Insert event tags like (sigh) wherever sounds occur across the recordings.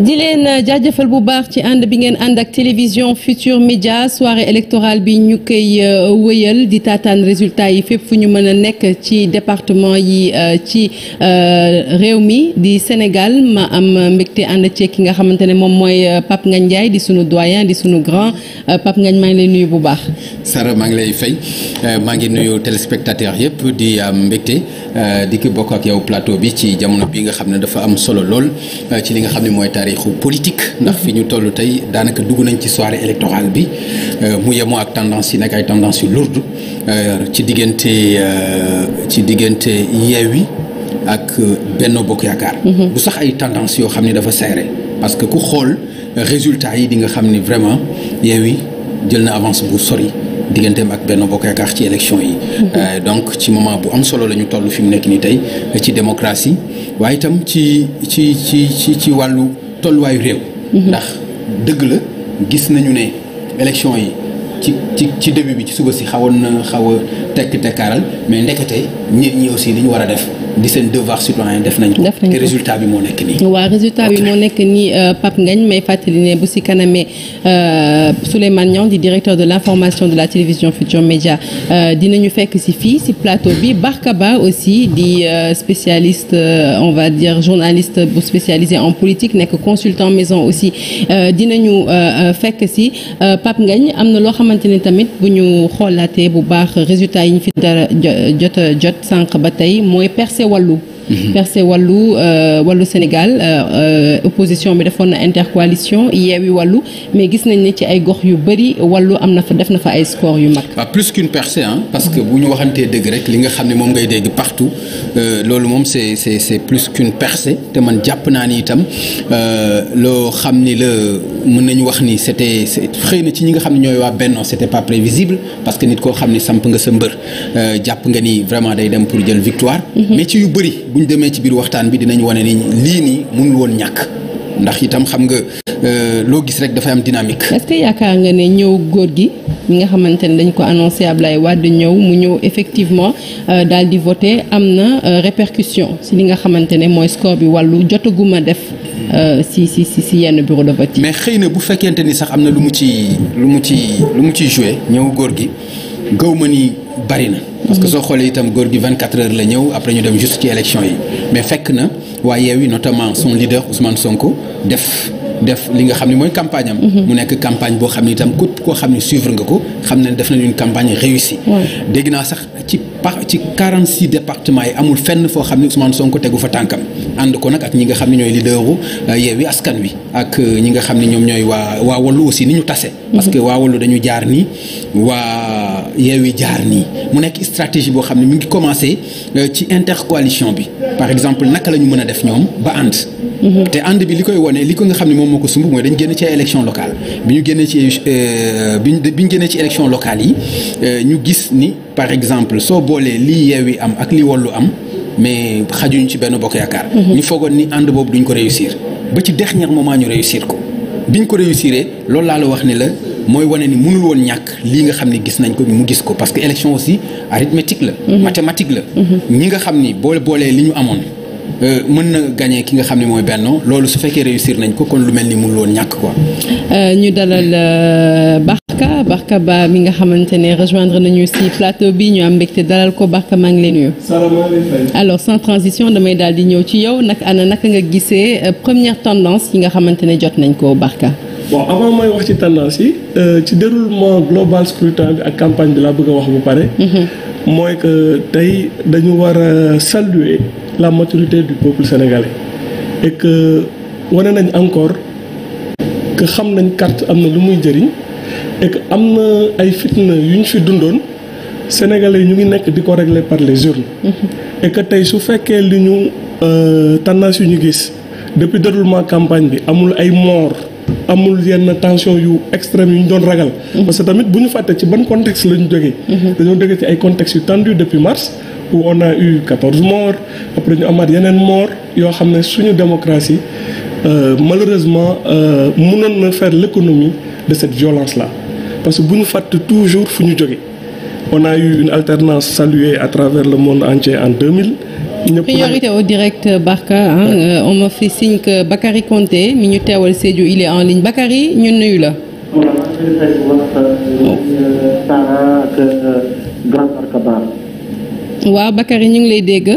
di leen jaajëfal bu baax ci ànd bi ngeen ànd ak télévision Futur Média soirée électorale bi ñu koy euh, wëyal di taataan résultat yi fépp fu ñu mën a nekk ci département yi euh, ci euh, réew mi di Sénégal ma am mbégte ànd ci ki nga xamante ne moom mooy Pape Ngagne Ndiaye di sunu doyen di sunu grand Pape Ngagne maa ngi lay nuyu bu baax. Sara maa ngi lay fay maa ngi nuyu téléspectateur yëpp di am mbégte di ki bokk ak yow plateau bi ci jamono bi nga xam ne dafa am solo lool li nga xam taarixu politique ndax fi ñu tollu tey daanaka dugg nañ ci soirée électorale bi euh, mu yemoo ak tendance yi nekk ay tendance yu lourde euh, ci diggante euh, ci diggante Yewwi ak Benno Bokk Yaakaar bu mhm. sax ay tendance yoo xam ne dafa serré parce que ku xool résultat yi di nga xam ni vraiment Yewwi jël na avance bu sori digganteem ak Benno Bokk Yaakaar ci élection yi mhm. donc ci moment bu am solo la ñu toll fi mu nekk nii tey ci démocratie waaye itam ci ci ci wàllu tolluwaayu réew. Mhm. ndax dëgg la gis nañu ne élection yi ci ci ci début bi ci suba si xawoon na xaw a tekk tekkaaral mais ndekete nit ñi aussi li ñu war a def. ni seen devoir citoyen def nañ résultat bi moo nekk nii. waaw résultat bi moo euh, may fàttali ne bu si kanamee euh, Souleymane Niang di directeur de l' information de la télévision Futur Média euh, ñu fekk si fii si plateau bi Barka Ba aussi di spécialiste on va dire journaliste bu spécialisé en politique nekk consultant maison aussi dinañu fekk si Pape Ngagne am na loo xamante ni tamit bu ñu xoolaatee bu baax résultat yi ñu fi dara jot jot sanq ba tey mooy percé wallu percé mm-hmm. wàllu euh, wàllu Sénégal euh, euh, opposition bi defoon na intercoalition yeewi wàllu mais gis nañ ne ci ay gox yu bëri wàllu am na fa def na fa ay score yu mag. waaw plus qu'une percée parce que bu ñu waxantee dëgg rek li nga xam ne moom ngay dégg partout loolu moom c'est c'est c'est plus qu'une percée te man jàpp naa ni itam loo xam ni la mën nañu wax ni c'était xëy na ci ñi nga xam ne ñooy waa Benno c'était pas prévisible parce que nit koo xam ni samp nga sa mbër jàpp nga ni vraiment day dem pour jël victoire mm-hmm. buñ demee ci biir waxtaan bi dinañ wane ni lii nii woon ñàkk ndax itam xam nga euh, loo gis rek dafay am dynamique. est que yaakaar nga ne ñëw góor gi mi nga xamante ne dañ ko annoncé Ablaye Wade ñëw mu ñëw effectivement euh, daal di voté am na euh, répercussion si li nga xamante ne mooy score bi wàllu jotaguma def si si si si yenn bureau de vote mais xëy na bu fekkente ni sax am na lu mu ci lu mu ci lu mu ciy joué ñëw góor gi gaw ma ni bari na. parce que soo xoolee itam góor gi 24 heures la ñëw après ñu dem juste ci élection yi mais fekk na waa Yewwi notamment son leader Ousmane Sonko def def li nga xam ne mooy campagne mhm. mu nekk campagne boo xam ne itam ku koo xam ne suivre nga ko xam ne def nañu une campagne dégg naa sax ci. pa ci 46 départements yi amul fenn foo xam ne Ousmane Sonko tegu fa tànkam ànd ko nag ak ñi nga ne ñooy leaderu euh, Yewwi Askan Wi euh, ñi nga xam ne ñoom ñooy waa waa aussi ni ñu tase. Mhm. parce que waa Wallu jaar nii waa Yewwi jaar nii mu nekk stratégie boo xam ne mu ngi commencé euh, ci intercoalition bi par exemple naka la ñu mën a def ñoom ba ànd. Mhm. te ànd bi li koy wane li ko nga xam ne moom moo ko sumb mooy dañ génn ci ay élection locale bi ñu génnee ci bi ñu génnee ci élection locale yi ñu gis ni par exemple soo boolee lii yeewi am ak li wallu am mais xajuñ ci benn bokk yaakaar. Mhm. ñu foogoon ni ànd boobu duñ ko réussir ba ci dernier a ñu réussir ko biñ ko réussiree loolu laa la wax ni la mooy wane ni mënul woon ñàkk lii nga xam ni gis nañ ko mu gis ko parce que élection aussi arithmétique la. Mhm. mathématique la. Mhm. ñi nga xam ni boo boolee li ñu amoon. Euh, mën na gagné ki nga xam ne mooy Benno loolu su fekkee réussir nañ ko kon lu mel ni mënul woon ñàkk quoi. Euh, Barka Barka Ba mi nga xamante rejoindre nañu ci plateau bi ñu am mbégte dalal ko Barka maa ngi lay nuyu. sans transition damay daal di ñëw ci yow nag ana naka nga gisee euh, première tendance yi nga xamante ne jot nañ ko Barka. bon avant mooy wax ci tendance yi euh, ci déroulement global scrutin bi ak campagne bi la bëgg a wax bu pare. Mhm. mooy que tey dañu war a la maturité du peuple sénégalais et que wane nañ encore que xam nañ carte am na lu muy jëriñ. et am na ay fitna yu ñu fi dundoon sénégalais ñu ngi nekk di ko régler par les urnes. Mm-hmm. et que tey su fekkee li ñu euh, tendance yu ñu gis depuis déroulement campagne bi amul ay moor amul yenn tension yu extrême yu ñu doon ragal. Mm-hmm. parce que tamit bu ñu fàtte ci ban contexte la ñu jógee. Mm-hmm. dañoo jógee ci ay contexte yu tendu depuis mars. où on a eu quatorze morts après ñu amaat yeneen moor yoo xam ne suñu démocratie euh, malheureusement euh, munoon na faire l'économie de cette violence la parce que bu ñu fàtte toujours fu ñu jóge on a eu une alternance saluée à travers le monde entier en 2000. priorité au direct Barka ah on m'a fait que Bakary Konté mi ñu teewal Sédhiou il est en ligne Bakary ñu nuyu la. Euh, euh, waaw Bakary ñu ngi lay dégg.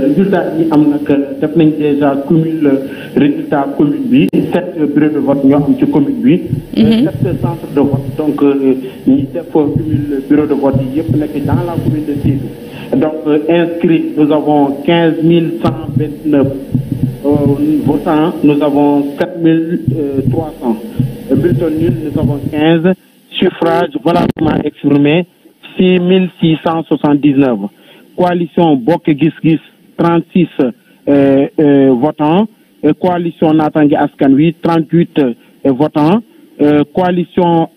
résultat yi am nag def nañ déjà euh, résultat commune bi sept bureaux de vote ñoo am ci commune bi. Mhm. Euh, sept centres de vote donc euh, ñi def cumul bureau de vote la commune de donc inscrits nous avons quinze mille cent vingt neuf votants nous mille trois cent bulletins nuls nous avons suffrages valablement exprimés six mille six cent soixante dix neuf coalition Bokk Gis Gis 36 euh, euh, votants euh, coalition Naatangué Askan Wi 38 votants coalition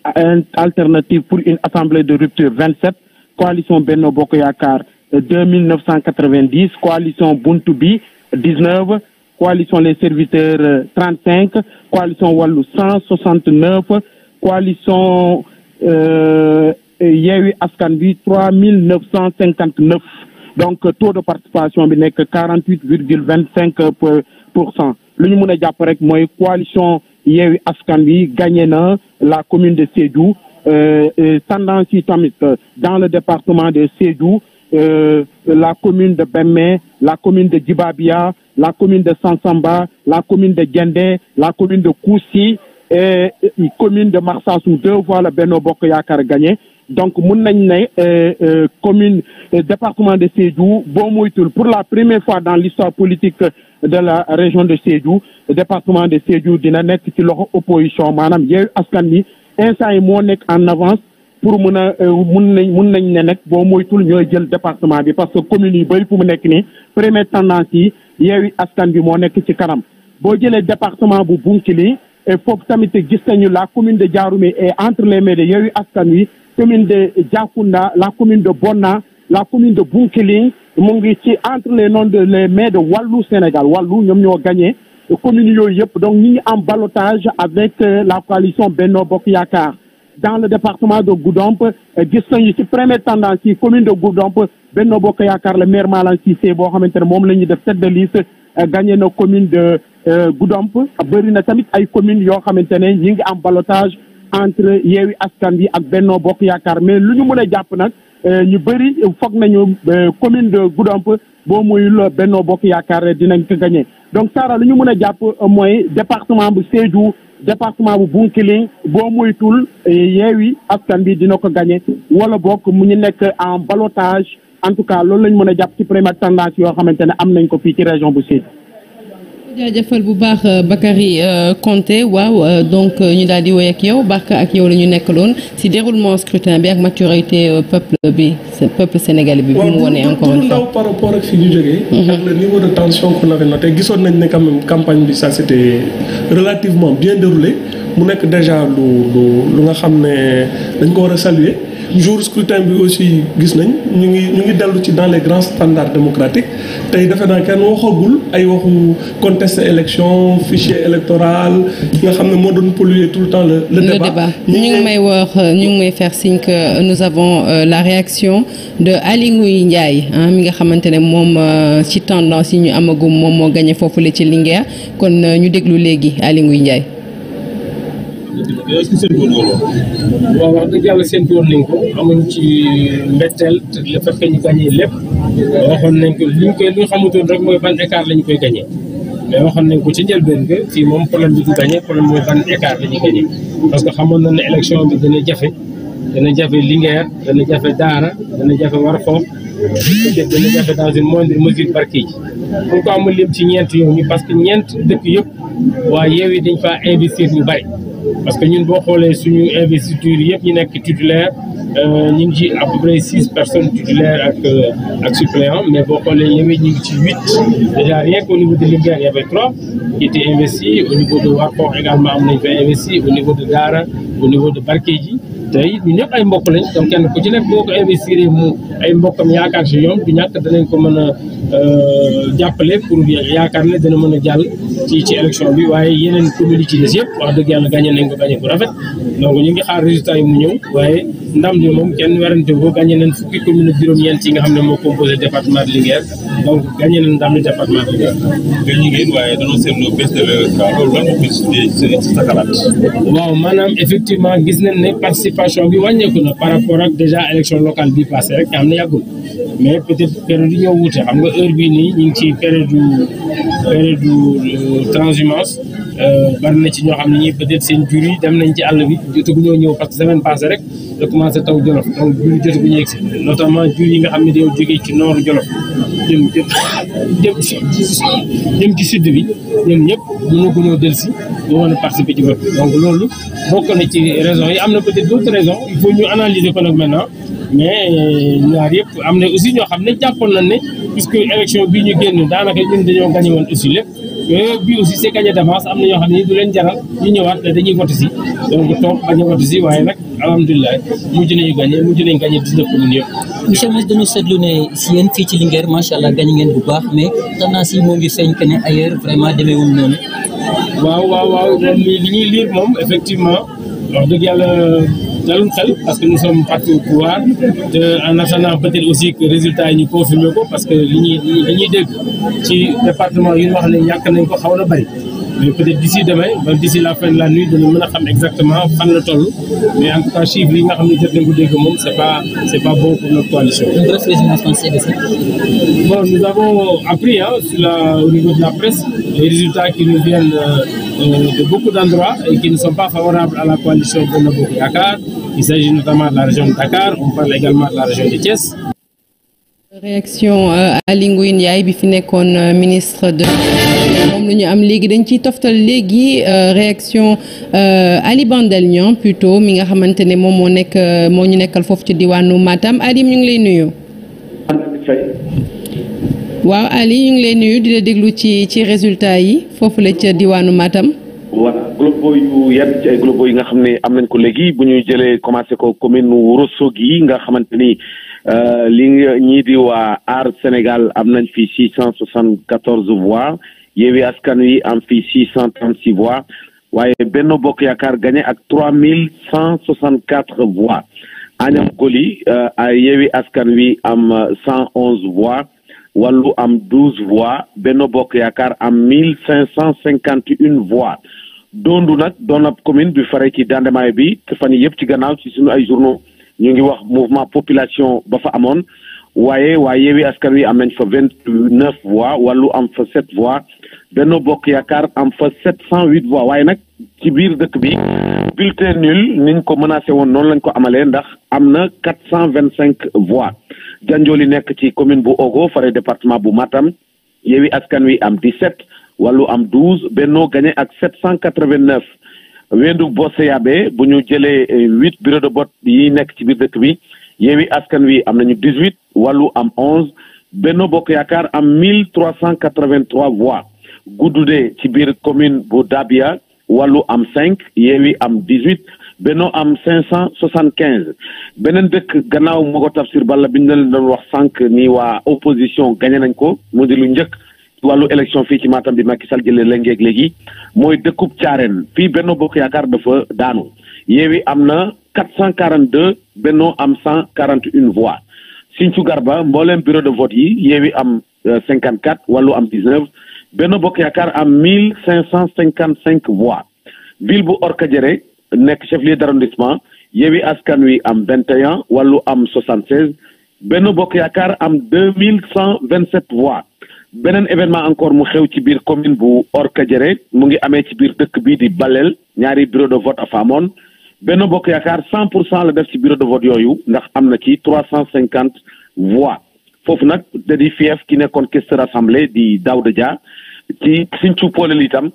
alternative pour une assemblée de rupture 27 coalition Benno Bokk Yaakaar 2990 coalition Buntu Bi 19 coalition les serviteurs 35 coalition Wallu 169 coalition Yewwi Askan Wi 3959 donc taux de participation bi nekk quarante huit virgule vingt cinq pour cent lu ñu mën a jàpp rek mooy coalition Yewwi Askan Wi gagné na la commune de Sédhiou euh, euh, tendance yi tamit euh, dans le département de Sédhiou Euh, la commune de Bemmé, la commune de Djibabia, la commune de Sansamba, la commune de Gendé, la commune de Koussi et, et, commune de Marsasou, deux voix le Beno Bokoyakar gagne donc mun nañ ne euh, euh, commune euh, département de Sédhiou boo moytul pour la première fois dans l'histoire politique de la région de Sédhiou département de Sédhiou dina nekk ci loxo opposition maanaam yeeyu askan wi instant yi moo nekk en avance pour mun a mun nañ mun nañ ne nag boo moytul ñoo jël département bi parce que communes yi bëri fu mu nekk nii première tendance yi yeewi askan bi moo nekk ci kanam boo jëlee département bu Bounkiling foofu tamit gis nañu la commune de Diaroumé entre les mains de wi commune de Diakounda la commune de Bonna la commune de Bounkiling mu ngi ci entre les noms de les wàllu Sénégal wàllu ñoom ñoo gagné commune yooyu yëpp donc ñu ngi am ballottage avec euh, la coalition Benno Bokk Yaakaar dans le département de Goudomp euh, gis nañu ci première tendance yi commune de Goudomp Benno Bokk Yaakaar le maire Malang Cissé boo xamante ne moom lañu def tête de liste euh, gagné na commune de Goudomp bëri na tamit ay communes yoo xamante ne ñu ngi am ballottage entre yeewi askan bi ak Benno Bokk Yaakaar mais lu ñu mën a jàpp nag euh, ñu bëri foog nañu euh, commune de Goudomp boo moy Benno Bokk Yaakaar dinañ ko gagné donc Sara lu ñu mën a jàpp euh, mooy département bu Sédhiou département bu Bounkiling boo muytul yeewi askan bi dina ko gagné wala bokk mu ñu nekk en ballottage en tout cas loolu lañ mën a jàpp ci première tendance yoo xamante ne am nañ ko fii ci région bu Sédhiou jaajëfal bu baax euh, Bakary euh, Konté waaw euh, donc ñu daal di woy ak yow Barka ak yow la ñu nekkaloon ci déroulement scrutin bi ak maturité peuple bi peuple sénégalais bi. bi mu wone encore ak fi ñu jógee. Mhm. ak le niveau de tension qu'on avait noté gisoon nañ ne quand même campagne bi ça c'était relativement bien déroulé mu nekk déjà lu lu lu nga xam ne dañ ko war a saluer. jour scrutin bi aussi gis nañ ñu ngi ñu ci dans les grands standards démocratiques tey defe naa kenn waxagul ay waxu contester élection fichier électoral nga xam ne moo doon polluer tout le temps le le débat ñu ngi may wax ñu ngi may faire signe que nous avons euh, la réaction de Aly Ngouille Ndiaye mi nga xamante ne moom euh, ci tendance yi ñu amagum moom moo gañe foofu la ci Linguère kon euh, ñu déglu léegi Aly Ngouille Ndiaye est-ce que seen tool waaw yàlla seen tool nañ ko amuñ ci mbetteel te le fait que ñu gagné lépp waxoon nañ ko liñ koy li nga xamutoon rek mooy ban écart lañ koy gagné mais waxoon nañ ko ci njëlbeen ga fii moom problème bi du gagné problème mooy ban écart la ñuy parce que xamoon na ne élection bi dina jafe dana jafe Linguère dana jafe Daara dana jafe Warxoof peut-être dana jafe dans une moindre mesure Barkédji pourquoi ma lim ci ñeent yooyu parce que ñeent dëkk yëpp waa Yewwi dañ fa investir lu bari parce que ñun boo xoolee suñu investiture yëpp ñu nekk titulaire euh, ñu ngi ci à peu près six personnes titulaires ak euh, ak suppléants mais boo xoolee Yewwi ñu ngi ci huit déjà rien qu'au niveau de Linguère y avait trois qui étaient investis au niveau de Warkokh également am nañ fa investi au niveau de Dara au niveau de Barkédji tey ñun ñëpp ay mbokk lañ donc kenn ku ci nekk boo ko investir mu ay mbokkam yaakaar si ñoom du ñàkk danañ ko mën a euh, jàppale pour yaakaar ne dana mën a jàll ci ci élection bi waaye yeneen communes yi ci des yëpp wax dëgg yàlla gagné nañ ko gagné bu rafet donc ñu ngi xaar résultat yi mu ñëw waaye. ndam bi moom kenn werante ko gagné nañ fukki commune juróom-ñeent yi nga xam ne moo composé département de Linguère donc gagné nañ ndam li département de Linguère. waaw maanaam effectivement gis nañ ne participation bi wàññeeku na par rapport ak déjà élection locale bi passé rek nga xam ne yàggul mais peut-être période yi wuute xam nga heure bii nii ñu ngi ci période période euh, transhumance. Euh, ci ñoo xam ne ñi peut-être seen yi dem nañ ci àll bi jotaguñoo ñëw parce que semaine passée rek. la commencé taw Jolof donc jot bu ñu yegsi notamment jur yi nga xam ne yow jógee ci nooru Jolof jëm jëm jëm ci jëm ci sud bi ñoom ñëpp mënoo gënoo del si ñu mën a participer donc loolu bokk na ci raison yi am na peut-être d'autres raisons il faut ñu analyser ko nag maintenant mais euh, ñaar yëpp am na aussi ñoo xam ne jàppoon nañ ne puisque élection bii ñu génn daanaka ñun dañoo gagné woon aussi lépp euh, bii aussi c'est gagné d'avance ñoo xam ne du leen donc toog bañ a voté nag alhamdulilah mujj nañu gagné mujj nañu gagné dix-neuf communes yëpp. monsieur le ministre dañu seetlu allah gagné ngeen bu baax moo ngi feeñ que ne ailleurs vraiment demeewul noonu. waaw waaw waaw li ñuy lire moom effectivement wax dëgg dalul xel parce que nous sommes parti au pouvoir te en attendant peut-être aussi que résultat yi ñu confirmer ko parce que li ñuy li ñuy dégg ci département yi ñu wax ne ñàkk nañ ko xaw na bari mais peut-être d'ici demain ba d'ici la fin de la nuit dina mën a exactement fan la toll mais en tout cas chiffres yi nga xam ne c'est pas bon pour notre coalition. nous avons appris sur la, au de la presse les résultats qui nous viennent euh, euh, de beaucoup d'endroits et qui ne sont pas favorables à la coalition Benno Bokk Yakaar il s'agit notamment de la région de Dakar on parle également de la région de Thiès. réaction euh, Aly Ngouille Ndiaye bi fi nekkoon euh, ministre de moom la ñu am léegi dañ ciy toftal léegi euh, réaction Ali Bandel Niang plutôt mi nga xamante ne moom moo nekk moo ñu nekkal foofu ci diwaanu maatam Ali ñu ngi lay nuyu. waaw Ali ñu ngi lay nuyu di la déglu ci ci résultat yi foofu la ca diwaanu Matam. voilà globo yu yan ci yi nga xam ne am nañ ko léegi bu ñuy jëlee commencé ko commune Ourossogui nga xamante Euh, li nga ñii di waa Sénégal am nañ fi six cent soixante quatorze voix Yewwi Askan Wi am fi six cent trente six voix waaye Benno Bokk Yaakaar gagné ak trois mille cent soixante quatre voix Agnam Koli euh, Yewwi Askan Wi am euh, cent onze voix Wallu am douze voix Benno Bokk Yaakaar am mille cinq cent cinquante une voix Dondu nag doon na commune bi fare ci Dandemaay bi te fan yëpp ci gannaaw ci suñu ay journaux ñu ngi wax mouvement population ba fa amoon waaye waa Yewwi Askan Wi am nañ fa vingt neuf voix wàllu am fa sept voix Benno Bokk Yaakaar am fa sept cent huit voix waaye nag ci biir dëkk bi bulletin nul niñ ko menacé woon noonu lañ ko amalee ndax am na quatre cent vingt cinq voix Janjoli nekk ci commune bu Ogo fare département bu Matam Yewwi Askan Wi am dix sept wallu am douze Benno gagné ak sept cent quatre vingt neuf weendu Boseyaabe bu ñu jëlee eh, huit bureau de vote yi nekk ci biir dëkk bi Yewwi Askan Wi am nañu dix huit wàllu am onze Benno Bokk Yaakaar am mille trois cent quatre vingt trois voix Goudoudé ci biir commune bu Dabia wàllu am cinq Yewwi am dix huit Benno am cinq cent soixante quinze beneen dëkk gannaaw moo ko Tafsir Balla bi ñu leen doon wax sànq ni waa opposition gagné nañ ko mu di lu njëkk wàllu élection fii ci Matam bi Macky Sall jëlee lengeeg léegi mooy dëkkub caareen fii Benno Bokk Yaakaar dafa daanu Yewwi am na quatre cent quarante deux Benno am cent quarante une voix Sinthiou Garba mbooleem bureau de vote yi Yewwi am euh, cinquante quatre wallu am dix neuf Benno Bokk Yaakaar am mille cinq cent cinquante cinq voix ville bu Orkadiéré nekk chef lieu d' arrondissement Askan Wi am vingt et un wàllu am soixante seize Benno Bokk Yaakaar am deux vingt sept voix beneen événement encore mu xew ci biir commune bu Orkadiéré mu ngi amee ci biir dëkk bii di Balel ñaari bureau de vote a fa amoon Benno Bokk Yaakaar cent pour cent la def ci bureau de vote yooyu ndax am na ci trois cent cinquante voix foofu nag da di ki nekkoon questeur assemblée di Daouda Dia ci Sinthiou Polel itam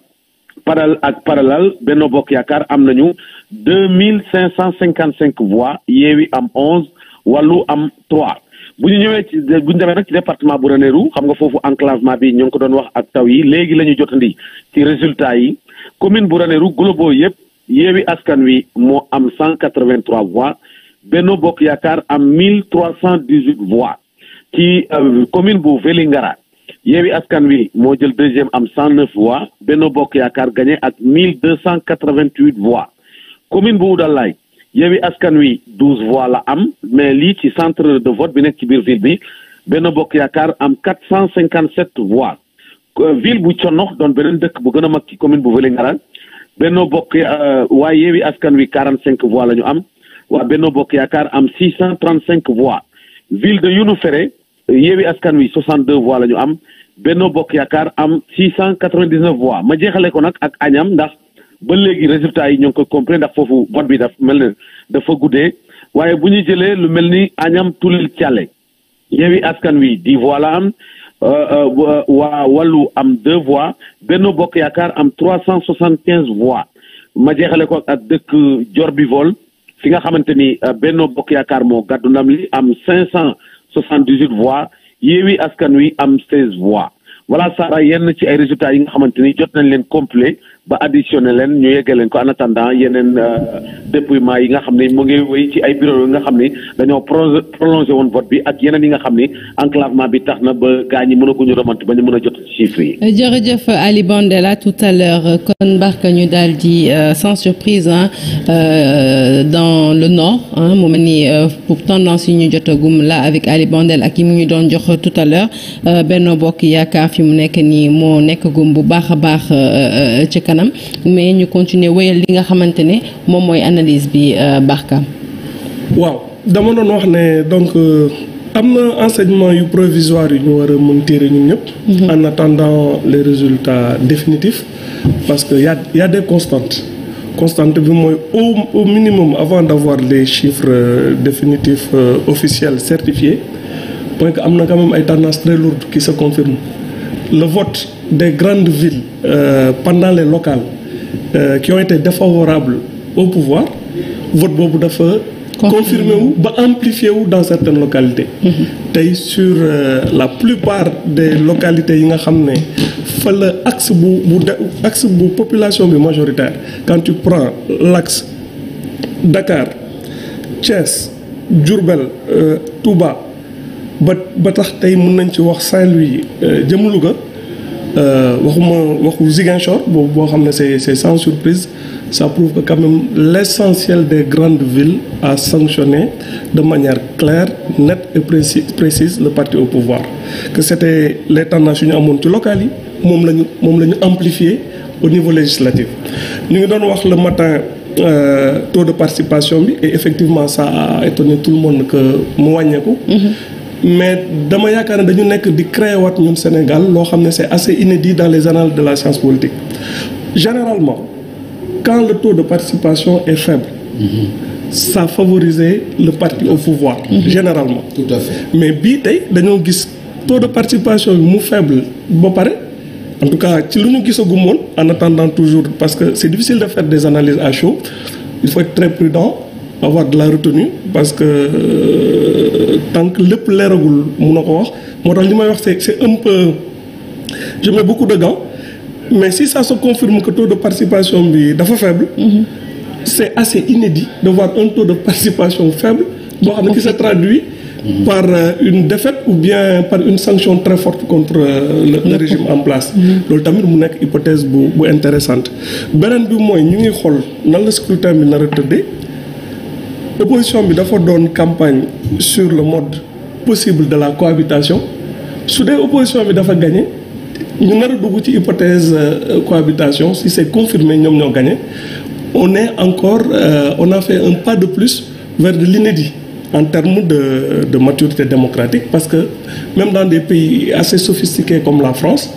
paral ak parallal Benno Bokk Yaakaar am nañu deux mille cinq cent cinquante cinq voix Yewwi am onze Wallu am trois bu ñu ñëwee ci bu ñu demee nag département bu Ranérou xam nga foofu enclavement bi ñu ngi ko doon wax ak taw yi léegi la ñu jotandi ci résultat yi commune bu Ranérou globaux yëpp Yewwi Askan Wi moo am cent quatre-vingt-trois voix Benno Bokk Yaakaar am mille trois cent dix-huit voix ci euh, commune bu Vélingara Yewwi Askan Wi moo jël deuxième am cent neuf voix Benno Bokk Yaakaar gagné ak mille deux cent quatre-vingt-huit voix commune bu Oudalaye Yewwi Askan Wi douze voix la am mais lii ci centre de vote bi nekk ci biir ville bi Benno Bokk Yaakaar am quatre cent cinquante sept voix euh, ville bu Conox doon beneen dëkk bu gën a mag ci commune bu Vélingara Benno Bokk euh, waa Yewwi Askan Wi quarante cinq voix la ñu am waa Benno Bokk Yaakaar am six cent trente cinq voix ville de Younou Feré euh, Askan Wi soixante deux voix la ñu am Benno Bokk Yaakaar am six cent quatre dix neuf voix ma jeexale ko nag ak Agnam ndax ba léegi résultat yi ñoo ngi ko complet ndax foofu vote bi daf mel ne dafa guddee waaye bu ñu jëlee lu mel ni Agnam Tulil Thialé Yewwi Askan Wi di voix la am euh, euh, waa Wallu am deux voix Benno Bokk Yaakaar am trois cent soixante quinze voix ma jeexale ko ak dëkk jor bi Diorbivol fi nga xamante ni euh, Benno Bokk Yaakaar moo gàddu ndam li am cinq cent soixante dix huit voix Yewwi Askan Wi am seize voix voilà Sara yenn ci ay résultats yi nga xamante ni jot nañ leen complet ba additionné leen ñu yeggee leen ko en attendant yeneen euh, dépouillement yi nga xam ne mu ngi wéy ci ay bureau yi nga xam ne dañoo pro woon vote bi ak yeneen yi nga xam ne enclavement bi tax na ba gaa ñi mënaguñu remonté ba ñu mën a jot chiffres yi. jërëjëf Ali Bandela tout à l'heure kon mbarka ñu daal di euh, euh, dans le nord mu mel ni pour tendance yi ñu jotagum la avec Ali Bandel ak yi mu ñu doon jox tout a l'heure Benno Bokk Yaakaar fi mu nekk nii moo nekk gum bu baax a baax ci kanam kanam mais ñu continuer wéyal li nga xamante ne moom mooy analyse bi euh, Barka. waaw dama doon wax ne donc euh, am na enseignement yu provisoire yu ñu war a mën tirer ñun ñëpp. Mhm. en attendant les résultats définitifs parce que yà a y a des constantes. constante bi mooy au au minimum avant d'avoir les chiffres euh, définitifs officiels certifiés mooy que am na quand même ay tendances très lourdes qui se confirment le vote. des grandes villes euh, pendant les locales euh, qui ont été défavorables au pouvoir vote boobu dafa confirmé wu ba amplifié wu dans certaines localité mhm. tey sur euh, la plupart des localités yi nga xam ne fa la axe bu bu axe bu population bi majoritaire quand tu prends l'axe Dakar Thiès Diourbel euh, Touba ba ba tax tey mën nañ ci wax Saint-Louis euh, jëm Louga Euh, waxuma waxu Ziguinchor boobu boo xam ne c'est c'est sans surprise ça prouve que quand même l'essentiel des grandes villes à sanctionné de manière claire nette et précise précise le parti au pouvoir que c'était les tendances yu ñu amoon ci locales yi moom la ñu moom la ñu amplifié au niveau législatif ñu ngi doon wax le matin euh, taux de participation bi et effectivement ça a étonné tout le monde que mu wàññeeku mm-hmm. mais dama yaakaar ne dañu nekk di créer waat ñun Sénégal loo xam ne c'est assez inédit dans les annales de la science politique généralement quand le taux de participation est faible ça favoriser le parti au pouvoir mhm. généralement tout mais bii tey dañoo gis taux de participation bi mu faible ba pare en tout cas ci lu ñu gisagumoon en attendant toujours parce que c'est difficile de faire des analyses à chaud il faut très prudent avoir de la retenue parce que euh, tant lépp leeragul mu ne ko wax moo tax li may wax c'est c'est un peu je mets beaucoup de gants mais si ça se confirme que taux de participation bi dafa faible. Mhm. c'est assez inédit de voir un taux de participation faible boo xam ne qui se traduit mhm. par euh, une défaite ou bien par une sanction très forte contre euh, le, le régime en place mhm. loolu tamit mu nekk hypothèse bu bu intéressante beneen bi mooy ñu ngi xool nan la scrutin bi nar a tëddee opposition bi dafa doon campagne sur le mode possible de la cohabitation su dee opposition bi dafa gagné ñu nar a dugg ci hypothèse euh, cohabitation si c'est confirmé ñoom ñoo gagné on est encore euh, on a fait un pas de plus vers de l'inédit en termes de de maturité démocratique parce que même dans des pays assez sophistiqués comme la France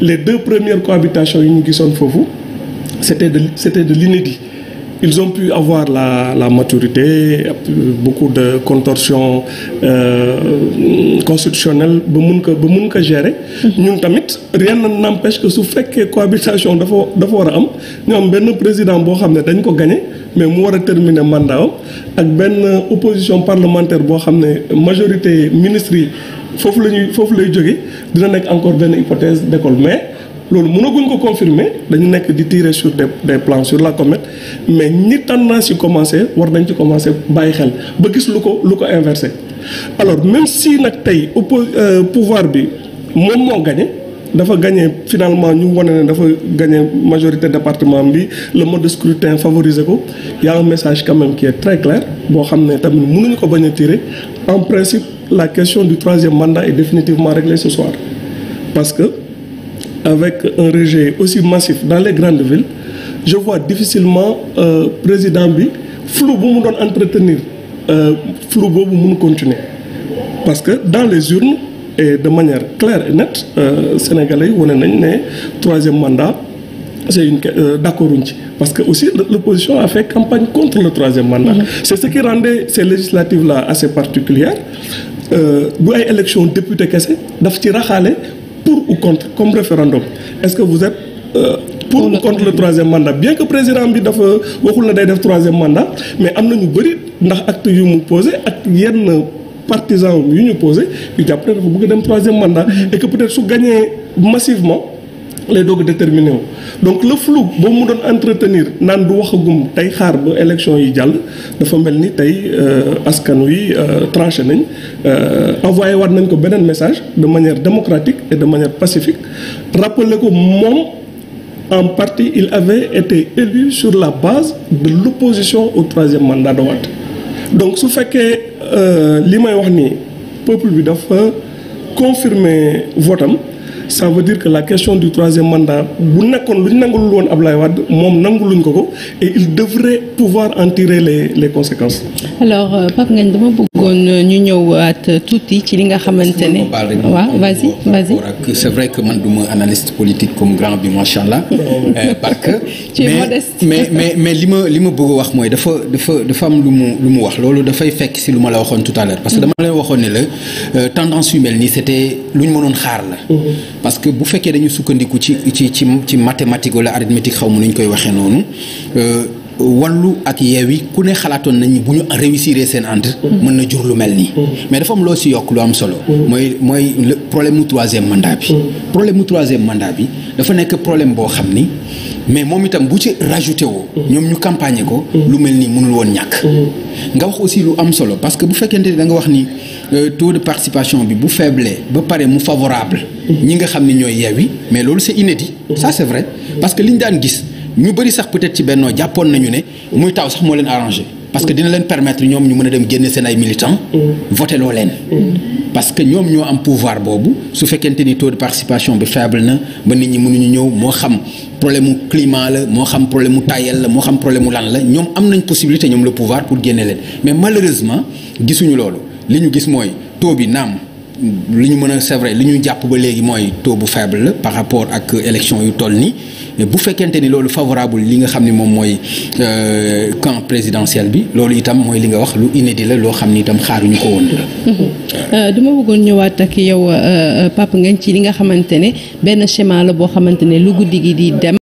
les deux premières cohabitations yi ñu gisoon foofu c'était de c'était de l'inédit ils ont pu avoir la, la maturité beaucoup de contorsions euh, constitutionnelles ba mun ko ba mun ko gérer. ñun tamit rien n'empêche que su fekkee cohabitation dafa dafa war a am ñu am benn président boo xam ne dañ ko gagné mais mu war a terminer mandat ak benn opposition parlementaire boo xam ne majorité ministres yi. foofu la ñuy foofu lay jóge dina nekk encore benn hypothèse d'école mais loolu mënaguñ ko confirmer dañu nekk di tiire sur des des plans sur la comète mais ñi tendance yi commencé war nañ ci commencé bàyyi xel ba gis lu ko lu ko inversé alors même si nag tey oppo euh, pouvoir bi moom moo gañe dafa gagné finalement ñu wane ne dafa gagné majorité département bi le mode de scrutin favorisé ko y a message quand même qui très clair boo xam ne tamit mënuñu ko bañ a tirer en principe la question du troisième mandat est définitivement réglée ce soir. Parce que, avec un rejet aussi massif dans les grandes villes, je vois difficilement euh, président bi flou bu mu doon entretenir euh, flou boobu mun continuer parce que dans les urnes et de manière claire et nette euh, sénégalais yi wane nañ ne troisième mandat c'est une euh, d'accord uñ ci parce que aussi l'opposition a fait campagne contre le troisième mandat. Mm -hmm. c'est ce qui rendait ces législatives Euh, bu ay élection député kese daf ci raxaale pour ou contre comme référendum est-ce que vous êtes euh, pour ou contre le troisième mandat bien que président bi dafa waxul na day def troisième mandat mais am na ñu bëri ndax acte yu mu posé ak yenn partisan yu ñu posé yu jàpp ne dafa bugg dem troisième mandat mm-hmm. et que peut-être su gañee massivement lay doog déterminé wu donc le flou boobu mu doon entretenir naan du waxagum tey xaar ba élection yi jàll dafa mel ni tey euh, askan wi euh, tranché nañ euh, envoyé waat nañ ko beneen message de manière démocratique et de manière pacifique rappelé ko moom en partie il avait été élu sur la base de l'opposition au troisième mandat de Wade donc su fekkee li may wax nii peuple bi dafa confirmer votam ça veut dire que la question du troisième mandat bu nekkoon lu ñu nangul woon Ablaye Wade moom nanguluñ ko ko et il devrait pouvoir en tirer les les conséquences. alors euh, Pape Ngagne dama bëgg bëggoon euh, ñu ñëw at tuuti ci li nga xamante ne. waaw vas-y vas-y. c'est vrai que man duma analyste politique comme grand bi macha allah. (laughs) Euh, parce que mais mais mais li ma li ma bëgg wax mooy dafa dafa dafa am lu mu lu mu wax loolu dafay fekk si lu ma la waxoon tout à l'heure parce que dama la waxoon ne la euh, tendance yu mel nii c'était lu ñu mënoon xaar la. Mm-hmm. parce que bu fekkee dañu sukkandiku ci ci ci ci mathématique wala arithmétique xaw ma nu ñu koy waxee noonu. wallu ak yeewi ku ne xalaatoon nañ bu ñu réussir seen ànd mën na jur lu mel nii mais dafa am loo si yokk lu am solo mooy mooy le problème mu troisième mandat bi problème mu troisième dafa nekk problème boo xam ni mais moom itam bu ci rajouté woo ñoom ñu campagne ko lu mel nii mënul woon ñàkk nga wax aussi lu am solo parce que bu fekkente ni da nga wax ni euh, taux de participation bi bu faible ba pare mu favorable ñi nga xam ni ñooy yi mais loolu c'est inédit ça c'est daan gis ñu bëri sax peut-être ci bennoo jàppoon nañu ne muy taw sax moo leen arrangé parce que dina leen permettre ñoom ñu mën a dem génne seen ay militants voté loo leen parce que ñoom ñoo am pouvoir boobu su fekkente ni taux de participation bi faible na ba nit ñi mënuñu ñëw moo xam problème mu climat la moo xam problème mu tayel la moo xam problème mu lan la ñoom am nañ possibilité ñoom la pouvoir pour génne leen mais malheureusement gisuñu loolu li ñu gis mooy taux bi naam li ñu mën a c'est vrai li jàpp ba léegi mooy taux bu faible la par rapport ak élection yu toll nii bu fekkente ni loolu favorable li nga xam ni moom mooy euh, camp présidentiel bi loolu itam mooy li nga wax lu inédit la loo xam ni itam xaaruñu ko woon. Euh, euh, duma bëggoon ñëwaat ak yow Pape Ngagne ci li nga xamante ne benn schéma la boo xamante ne lu guddi gi di dem.